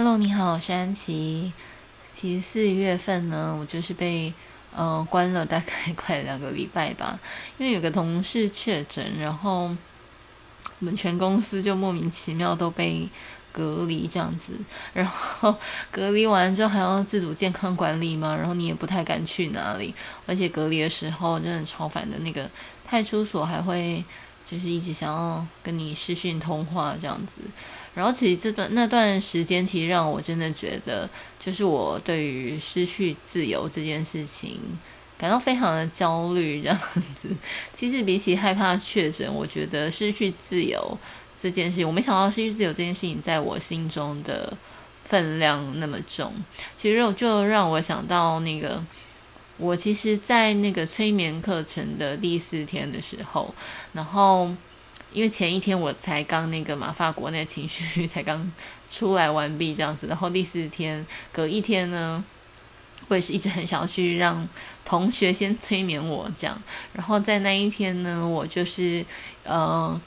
Hello，你好，我是安琪。其實四月份呢，我就是被呃關了大概快兩個禮拜吧，因為有個同事確診，然後我們全公司就莫名其妙都被隔離這樣子。然後隔離完之後還要自主健康管理嘛，然後你也不太敢去哪裡。而且隔離的時候真的超煩的，那個派出所還會。就是一直想要跟你視訊通話這樣子，然後其實這段那段時間，其實讓我真的覺得，就是我對於失去自由這件事情感到非常的焦慮這樣子。其實比起害怕確診，我覺得失去自由這件事情，我沒想到失去自由這件事情在我心中的分量那麼重。其實就讓我想到那個。我其實，在那個催眠課程的第四天的時候，然後因為前一天我才剛那個馬發國那情緒才剛出來完畢這樣子，然後第四天隔一天呢，我也是一直很想要去讓同學先催眠我這樣，然後在那一天呢，我就是呃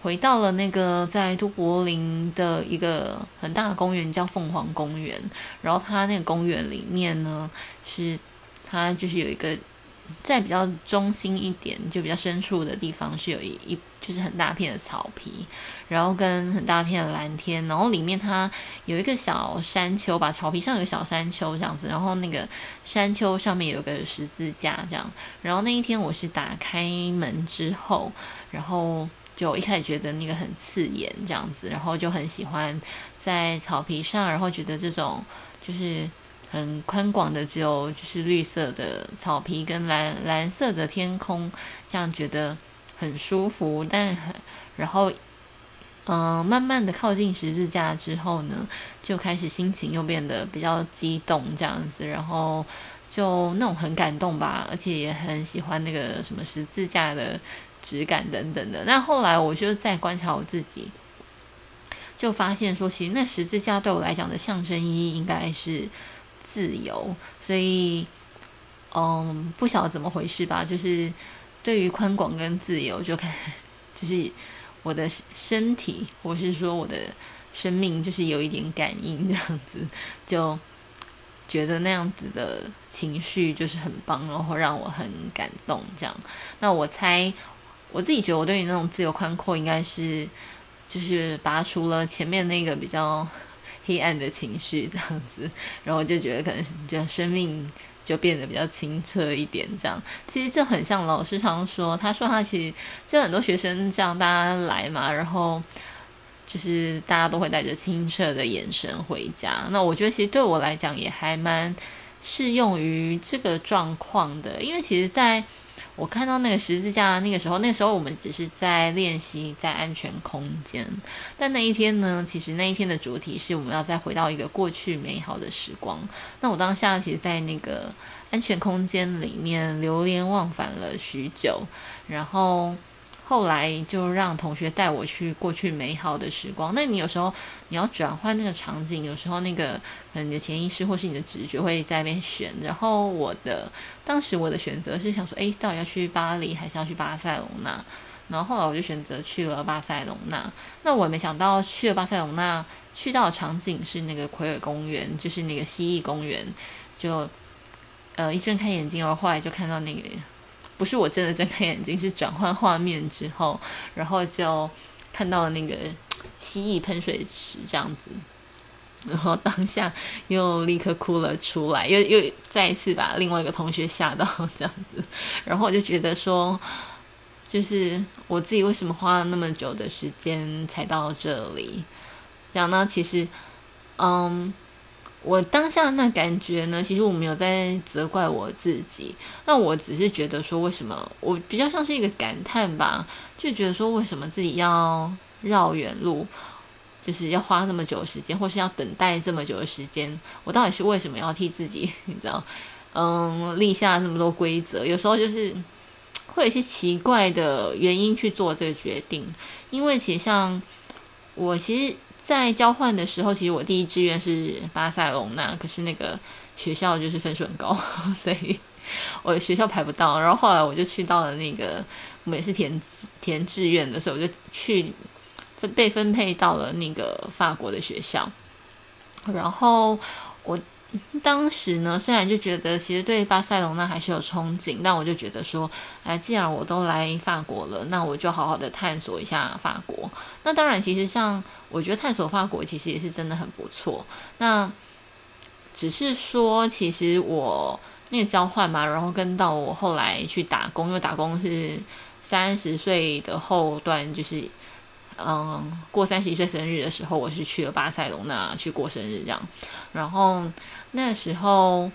回到了那個在都柏林的一個很大的公園，叫鳳凰公園，然後它那個公園裡面呢是。它就是有一個在比較中心一點，就比較深處的地方是有一一就是很大片的草皮，然後跟很大片的藍天，然後裡面它有一個小山丘吧，草皮上有個小山丘這樣子，然後那個山丘上面有個十字架這樣，然後那一天我是打開門之後，然後就一開始覺得那個很刺眼這樣子，然後就很喜歡在草皮上，然後覺得這種就是。很寬廣的，只有就是綠色的草皮跟藍藍色的天空，這樣覺得很舒服。但很然後，嗯、呃，慢慢的靠近十字架之後呢，就開始心情又變得比較激動，這樣子，然後就那種很感動吧，而且也很喜歡那個什麼十字架的質感等等的。那後來我就在觀察我自己，就發現說，其實那十字架對我來講的象徵意義應該是。自由，所以，嗯，不曉得怎麼回事吧？就是對於寬廣跟自由，就看，就是我的身體，或是說我的生命，就是有一點感應這樣子，就覺得那樣子的情緒就是很棒，然後讓我很感動。這樣，那我猜，我自己覺得我對於那種自由寬闊，應該是就是拔除了前面那個比較。黑暗的情緒這樣子，然後我就覺得可能這樣，生命就變得比較清澈一點。這樣其實就很像老師常說，他說他其實就很多學生這樣大家來嘛，然後就是大家都會帶着清澈的眼神回家。那我覺得其實對我來講也還蠻適用於這個狀況的，因為其實在。我看到那個十字架，那個時候，那個時候我們只是在練習在安全空間。但那一天呢，其實那一天的主題是我們要再回到一個過去美好的時光。那我當下其實，在那個安全空間裡面流連忘返了許久，然後。後來就讓同學帶我去過去美好的時光。那你有時候你要轉換那個場景，有時候那個可能你的潛意識或是你的直覺會在那邊選。然後我的當時我的選擇是想說，哎，到底要去巴黎還是要去巴塞隆納？然後後來我就選擇去了巴塞隆納。那我沒想到去了巴塞隆納，去到的場景是那個奎爾公園，就是那個蜥蜴公園，就呃一睜開眼睛而後來就看到那個。不是我真的睜開眼睛，是轉換畫面之後，然後就看到了那個蜥蜴噴水池這樣子，然後當下又立刻哭了出來，又又再一次把另外一個同學嚇到這樣子，然後我就覺得說，就是我自己為什麼花了那麼久的時間才到這裡？講呢，其實，嗯。我當下的那感覺呢？其實我沒有在責怪我自己，那我只是覺得說，為什麼我比較像是一個感嘆吧？就覺得說，為什麼自己要繞遠路，就是要花這麼久的時間，或是要等待這麼久的時間？我到底是為什麼要替自己，你知道？嗯，立下這麼多規則，有時候就是會有一些奇怪的原因去做這個決定，因為其實像我其實。在交換的時候，其實我第一志願是巴塞隆納，可是那個學校就是分數很高，所以我學校排不到。然後後來我就去到了那個，我們也是填填志願的時候，我就去分被分配到了那個法國的學校，然後我。當時呢，雖然就覺得其實對巴塞羅那還是有憧憬，但我就覺得說，哎，既然我都來法國了，那我就好好的探索一下法國。那當然，其實像我覺得探索法國其實也是真的很不錯。那只是說，其實我那個交換嘛，然後跟到我後來去打工，因為打工是三十歲的後段，就是。嗯，過三十一歲生日的時候，我是去了巴塞隆那，去過生日這樣，然後那時候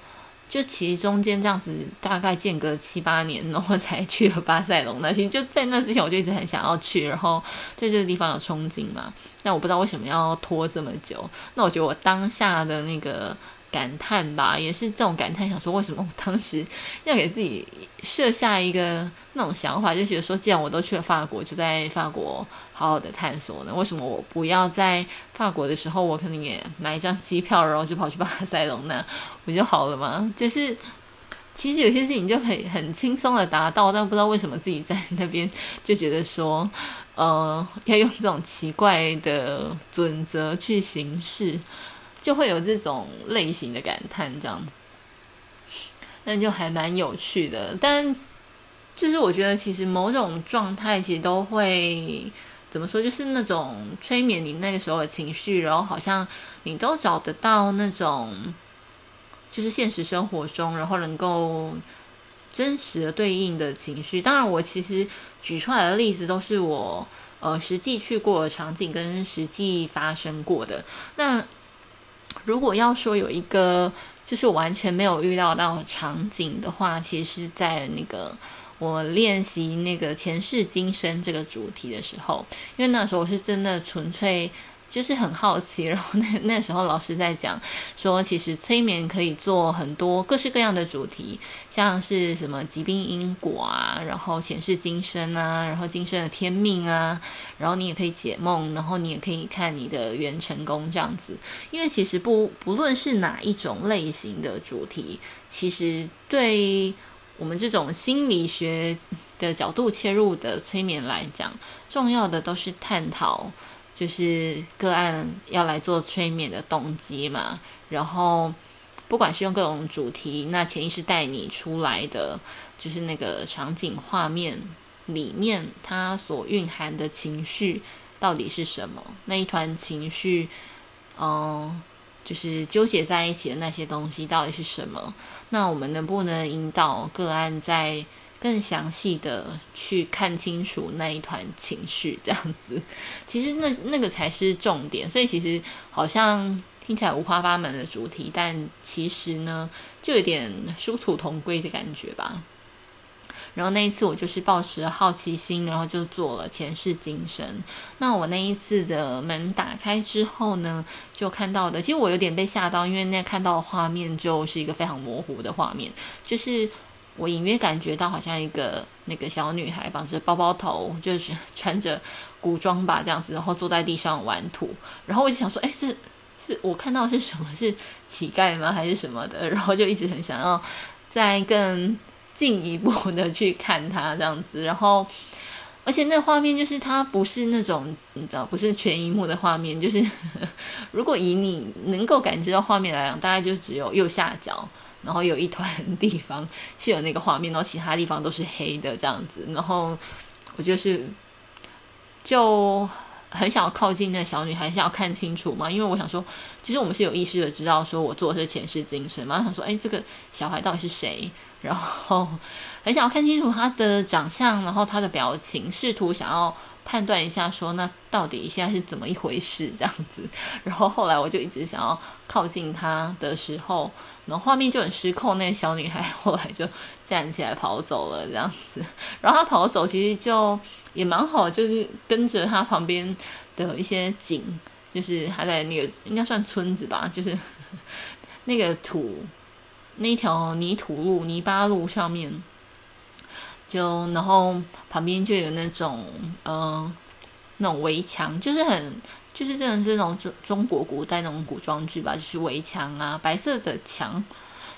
就其中間這樣子大概間隔七八年，喔，然後才去了巴塞隆那。其實就在那之前，我就一直很想要去，然後對這個地方有憧憬嘛。但我不知道為什麼要拖這麼久。那我覺得我當下的那個。感嘆吧，也是這種感嘆，想說為什麼我當時要給自己設下一個那種想法，就覺得說，既然我都去了法國，就在法國好好的探索呢，為什麼我不要在法國的時候，我可能也買一張機票，然後就跑去巴塞羅那？不就好了嘛？就是其實有些事情就可以很輕鬆的達到，但不知道為什麼自己在那邊就覺得說，嗯、呃，要用這種奇怪的準則去行事。就會有這種類型的感嘆，這樣子，那就還蠻有趣的。但就是我覺得，其實某種狀態其實都會怎麼說，就是那種催眠你那個時候的情緒，然後好像你都找得到那種，就是現實生活中，然後能夠真實的對應的情緒。當然，我其實舉出來的例子都是我呃實際去過的場景跟實際發生過的那。如果要說有一個就是我完全沒有預料到的場景的話，其實是在那個我練習那個前世今生這個主題的時候，因為那時候我是真的純粹。就是很好奇，然後那那時候老師在講說，其實催眠可以做很多各式各樣的主題，像是什麼疾病因果啊，然後前世今生啊，然後今生的天命啊，然後你也可以解夢，然後你也可以看你的元辰宮這樣子。因為其實不不論是哪一種類型的主題，其實對我們這種心理學的角度切入的催眠來講，重要的都是探討。就是個案要來做催眠的動機嘛，然後不管是用各種主題，那潛意識帶你出來的就是那個場景畫面裡面它所蘊含的情緒到底是什麼？那一團情緒，嗯，就是糾結在一起的那些東西到底是什麼？那我們能不能引導個案在更詳細的去看清楚那一團情緒，這樣子，其實那那個才是重點。所以其實好像聽起來五花八門的主題，但其實呢，就有點殊途同歸的感覺吧。然後那一次我就是抱持了好奇心，然後就做了前世今生。那我那一次的門打開之後呢，就看到的，其實我有點被嚇到，因為那看到的畫面就是一個非常模糊的畫面，就是。我隱約感覺到好像一個那個小女孩綁着、就是、包包頭，就是穿着古裝吧，這樣子，然後坐在地上玩土。然後我就想說，哎、欸，是是我看到的是什麼，是乞丐嗎？還是什麼的？然後就一直很想要再更進一步的去看她這樣子，然後。而且那畫面就是它，不是那種你知道，不是全熒幕的畫面，就是呵呵，如果以你能夠感知到畫面來講，大概就只有右下角，然後有一團地方是有那個畫面，然後其他地方都是黑的這樣子。然後我就是就。很想要靠近那小女孩，想要看清楚嘛，因為我想說，其實我們是有意識的知道，說我做的是前世今生嘛。想說，哎、欸，這個小孩到底是誰？然後很想要看清楚她的長相，然後她的表情，試圖想要判斷一下說，說那到底現在是怎麼一回事這樣子。然後後來我就一直想要靠近她的時候，然後畫面就很失控。那個、小女孩後來就站起來跑走了這樣子。然後她跑走，其實就。也蠻好的，就是跟着他旁邊的一些景，就是他在那個應該算村子吧，就是那個土那條泥土路、泥巴路上面，就然後旁邊就有那種嗯、呃、那種圍牆，就是很就是真的是那種中中國古代那種古裝劇吧，就是圍牆啊白色的牆。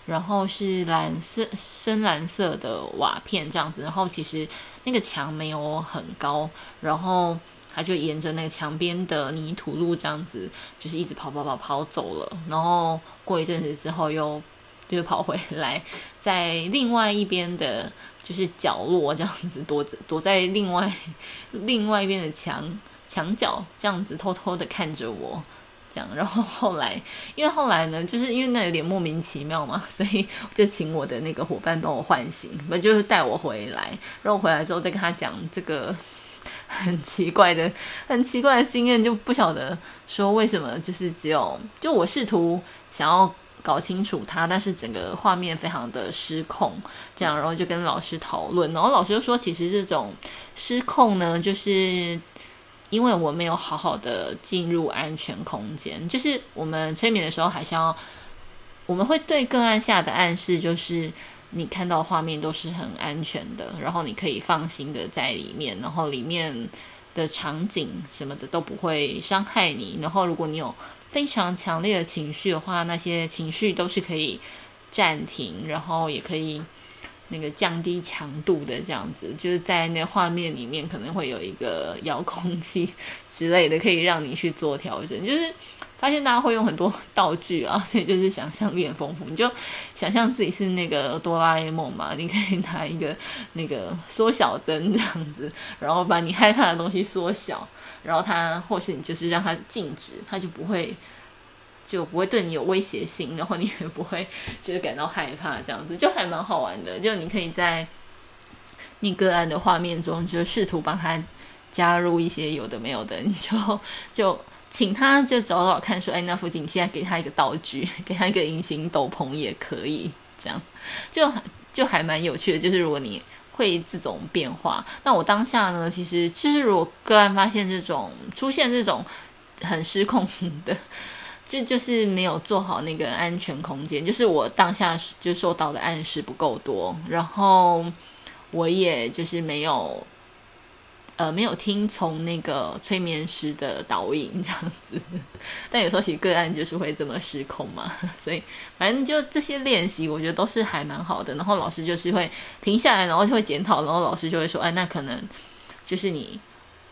然後是藍色深藍色的瓦片這樣子，然後其實那個牆沒有很高，然後他就沿着那個牆邊的泥土路這樣子，就是一直跑跑跑跑走了，然後過一陣子之後又又跑回來，在另外一邊的，就是角落這樣子躲着，躲在另外另外一邊的牆牆角這樣子偷偷的看着我。然後後來，因為後來呢，就是因為那有點莫名其妙嘛，所以就請我的那個夥伴幫我喚醒，不就是帶我回來。然後回來之後再跟他講這個很奇怪的、很奇怪的經驗，就不曉得說為什麼，就是只有就我試圖想要搞清楚他，但是整個畫面非常的失控，這樣，然後就跟老師討論，然後老師就說，其實這種失控呢，就是。因為我沒有好好的進入安全空間，就是我們催眠的時候還是要，我們會對個案下的暗示，就是你看到畫面都是很安全的，然後你可以放心的在裡面，然後裡面的場景什麼的都不會傷害你，然後如果你有非常強烈的情緒的話，那些情緒都是可以暫停，然後也可以。那個降低強度的這樣子，就是在那畫面裡面可能會有一個遙控器之類的，可以讓你去做調整。就是發現大家會用很多道具啊，所以就是想象力很豐富。你就想象自己是那個哆啦 A 夢嘛，你可以拿一個那個縮小燈這樣子，然後把你害怕的東西縮小，然後它或是你就是讓它靜止，它就不會。就不會對你有威脅性，然後你也不會覺得感到害怕，這樣子就還蠻好玩的。就你可以在你個案的畫面中，就試圖幫他加入一些有的沒有的，你就就請他就找找看說，說、欸、哎，那附近你現在給他一個道具，給他一個隱形斗篷，也可以，這樣就就還蠻有趣的。就是如果你會這種變化，那我當下呢，其實就是如果個案發現這種出現這種很失控的。這就，就是沒有做好那個安全空間，就是我當下就受到的暗示不夠多，然後我也就是沒有，呃，沒有聽從那個催眠師的導引這樣子。但有時候其實個案就是會這麼失控嘛，所以反正就這些練習，我覺得都是還蠻好的。然後老師就是會停下來，然後就會檢討，然後老師就會說：“哎，那可能就是你。”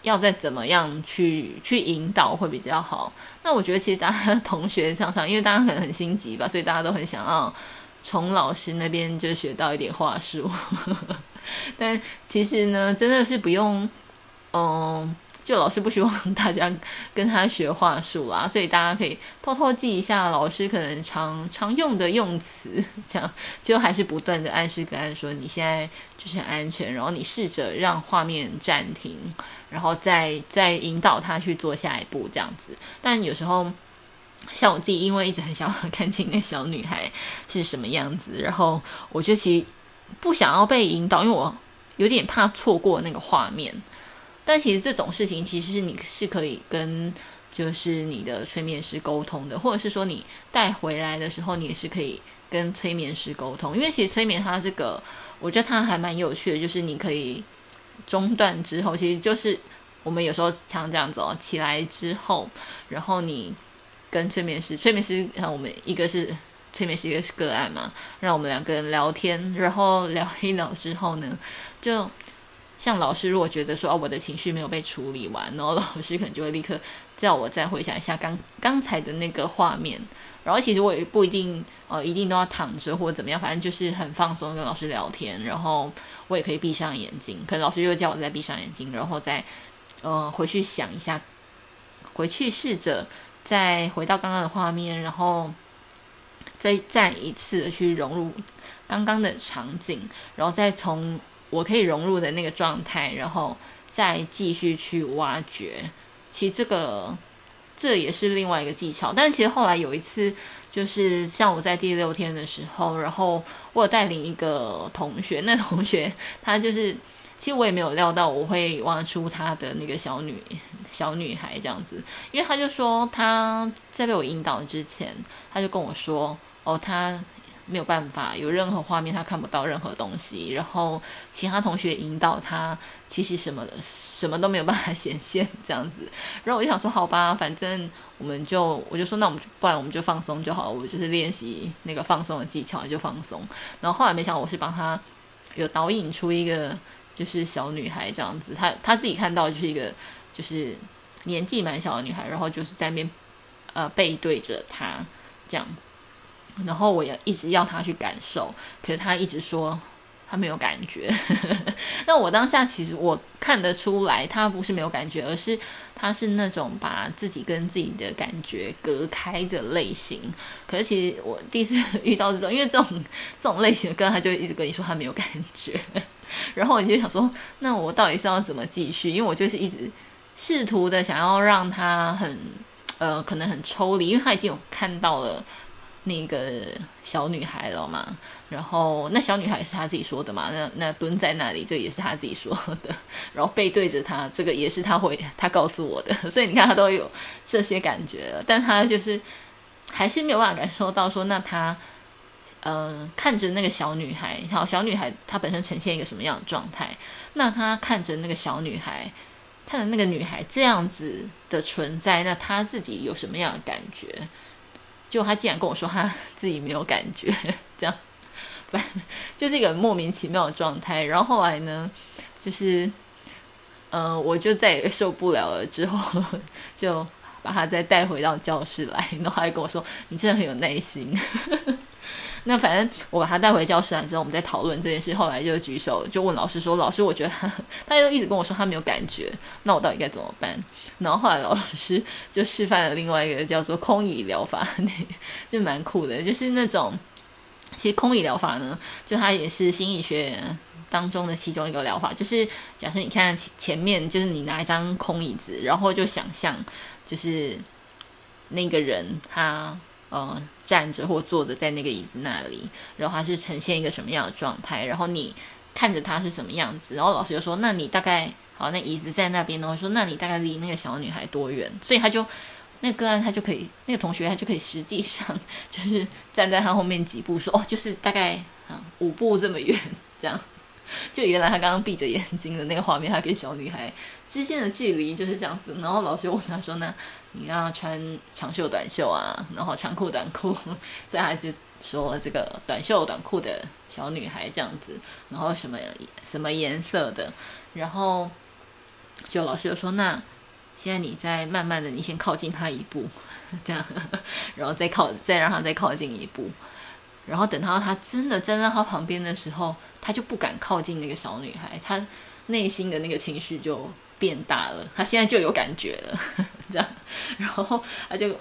要再怎麼樣去去引導會比較好。那我覺得其實大家同學常常，因為大家可能很心急吧，所以大家都很想要從老師那邊就學到一點話術。 但其實呢，真的是不用，嗯。就老師不希望大家跟他學話術啦，所以大家可以偷偷記一下老師可能常常用的用詞，這樣就還是不斷的暗示跟他說你現在就是很安全，然後你試着讓畫面暫停，然後再再引導他去做下一步這樣子。但有時候像我自己，因為一直很想看清那小女孩是什麼樣子，然後我就其實不想要被引導，因為我有點怕錯過那個畫面。但其實這種事情，其實是你是可以跟就是你的催眠師溝通的，或者是說你帶回來的時候，你也是可以跟催眠師溝通。因為其實催眠它這個，我覺得它還蠻有趣的，就是你可以中斷之後，其實就是我們有時候像這樣子哦，起來之後，然後你跟催眠師，催眠師讓我們一個是催眠師，一個是個案嘛，讓我們兩個人聊天，然後聊一聊之後呢，就。像老師如果覺得說，啊，我的情緒沒有被處理完，然後老師可能就會立刻叫我再回想一下剛剛才的那個畫面。然後其實我也不一定呃一定都要躺着或者怎麼樣，反正就是很放鬆跟老師聊天。然後我也可以閉上眼睛，可能老師又叫我再閉上眼睛，然後再呃回去想一下，回去試着再回到剛剛的畫面，然後再再一次的去融入剛剛的場景，然後再從。我可以融入的那個狀態，然後再繼續去挖掘。其實這個這也是另外一個技巧。但其實後來有一次，就是像我在第六天的時候，然後我有帶領一個同學，那同學他就是，其實我也沒有料到我會挖出他的那個小女小女孩這樣子，因為他就說他在被我引導之前，他就跟我說：“哦，他。”沒有辦法，有任何畫面他看不到任何東西，然後其他同學引導他，其實什麼的，什麼都沒有辦法顯現這樣子。然後我就想說，好吧，反正我們就我就說，那我們不然我們就放鬆就好，我就是練習那個放鬆的技巧就放鬆。然後後來沒想到我是幫他有導引出一個就是小女孩這樣子，她她自己看到就是一個就是年紀蠻小的女孩，然後就是在那邊呃背對着他這樣。然後我也一直要他去感受，可是他一直說他沒有感覺。 那我當下其實我看得出來，他不是沒有感覺，而是他是那種把自己跟自己的感覺隔開的類型。可是其實我第一次遇到這種，因為這種這種類型的歌，他就一直跟你說他沒有感覺。 然後我就想說，那我到底是要怎麼繼續？因為我就是一直試圖的想要讓他很呃，可能很抽離，因為他已經有看到了那個小女孩了嘛？然後那小女孩是她自己說的嘛？那那蹲在那裡，這個也是她自己說的。然後背對着她，這個也是她會她告訴我的。所以你看，她都有這些感覺，但她就是還是沒有辦法感受到說，那她，呃，看着那個小女孩，好，小女孩她本身呈現一個什麼樣的狀態？那她看着那個小女孩，看着那個女孩這樣子的存在，那她自己有什麼樣的感覺？就他竟然跟我說他自己沒有感覺，這樣，反正就是一個莫名其妙的狀態。然後後來呢，就是，嗯、呃，我就再也受不了了。之後就把他再帶回到教室來，然後他還跟我說：“你真的很有耐心。”那反正我把他帶回教室了啊，之後，我們在討論這件事。後來就舉手就問老師說：“老師，我覺得他他就一直跟我說他沒有感覺，那我到底該怎麼辦？”然後後來老師就示範了另外一個叫做空椅療法，就蠻酷的，就是那種其實空椅療法呢，就它也是心理學當中的其中一個療法。就是假設你看前面，就是你拿一張空椅子，然後就想象就是那個人他呃。站着或坐着在那個椅子那裡，然後他是呈現一個什麼樣的狀態？然後你看着他是什麼樣子？然後老師就說：“那你大概，好，那椅子在那邊。”的話，說：“那你大概離那個小女孩多遠？”所以他就那個案他就可以，那個同學他就可以實際上就是站在他後面幾步，說：“哦，就是大概啊、嗯、五步這麼遠這樣。”就原來他剛剛閉着眼睛的那個畫面，他跟小女孩之間的距離就是這樣子。然後老師問他說：“那你要穿長袖、短袖啊？然後長褲、短褲？”所以他就說：“這個短袖、短褲的小女孩這樣子，然後什麼什麼顏色的？”然後就老師又說：“那現在你再慢慢的，你先靠近他一步，這樣，然後再靠，再讓他再靠近一步。”然後等到他真的站在他旁邊的時候，他就不敢靠近那個小女孩，他內心的那個情緒就變大了。他現在就有感覺了，呵呵這樣，然後他就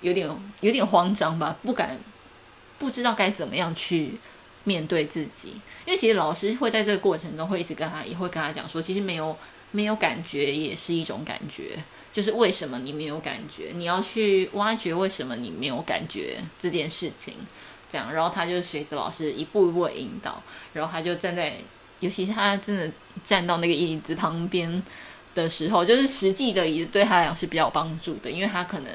有點有點慌張吧，不敢，不知道該怎麼樣去面對自己。因為其實老師會在這個過程中會一直跟他，也會跟他講說，其實沒有沒有感覺也是一種感覺，就是為什麼你沒有感覺？你要去挖掘為什麼你沒有感覺這件事情。這樣，然後他就隨着老師一步一步的引導，然後他就站在，尤其是他真的站到那個椅子旁邊的時候，就是實際的椅子對他來講是比較有幫助的，因為他可能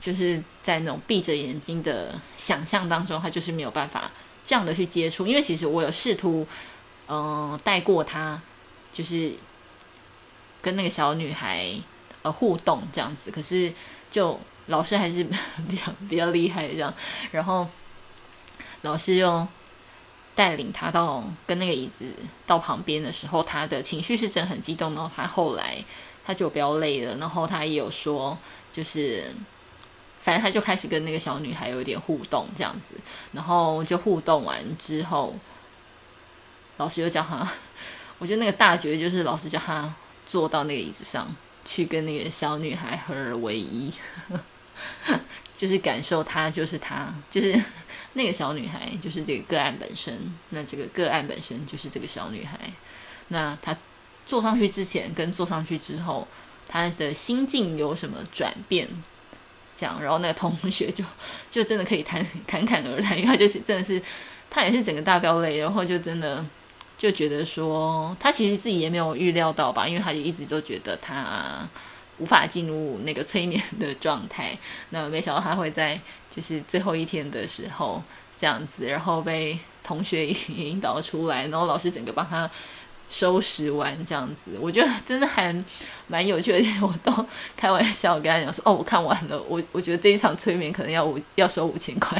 就是在那種閉着眼睛的想象當中，他就是沒有辦法這樣的去接觸，因為其實我有試圖，嗯、呃，帶過他，就是跟那個小女孩呃互動這樣子，可是就老師還是比較比較厲害這樣，然後。老師又帶領他到跟那個椅子，到旁邊的時候，他的情緒是真的很激動，然後他後來他就比較累了，然後他也有說，就是反正他就開始跟那個小女孩有點互動這樣子，然後就互動完之後，老師又叫他，我覺得那個大絕就是老師叫他坐到那個椅子上去跟那個小女孩合二為一。呵呵就是感受，她就是她，就是那個小女孩，就是這個個案本身。那這個個案本身就是這個小女孩。那她坐上去之前跟坐上去之後，她的心境有什麼轉變？這樣，然後那個同學就就真的可以侃侃侃而談，因為他就是真的是，他也是整個大飆淚，然後就真的就覺得說，他其實自己也沒有預料到吧，因為他就一直都覺得他。無法進入那個催眠的狀態，那沒想到他會在就是最後一天的時候這樣子，然後被同學引導出來，然後老師整個幫他收拾完這樣子，我覺得真的還蠻有趣的。我都開玩笑跟他講說：“哦，我看完了，我我覺得這一場催眠可能要要收五千塊，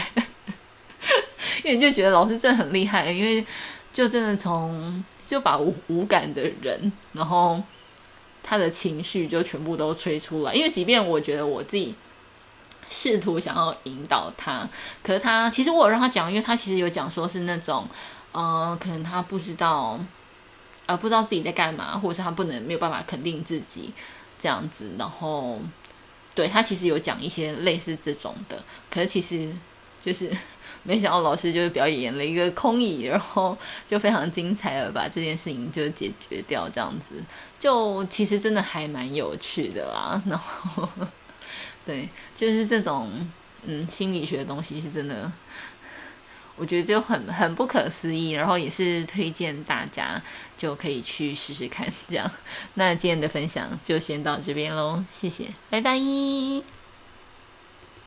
因為你就覺得老師真的很厲害，因為就真的從就把無、無感的人，然後。”他的情緒就全部都吹出來，因為即便我覺得我自己試圖想要引導他，可是他其實我有讓他講，因為他其實有講說是那種，嗯、呃，可能他不知道，呃，不知道自己在幹嘛，或者是他不能沒有辦法肯定自己這樣子，然後對他其實有講一些類似這種的，可是其實。就是沒想到老師就是表演了一個空椅，然後就非常精彩地把這件事情就解決掉，這樣子就其實真的還蠻有趣的啦。然後對，就是這種嗯心理學的東西是真的，我覺得就很很不可思議。然後也是推薦大家就可以去試試看這樣。那今天的分享就先到這邊嘍，謝謝，拜拜。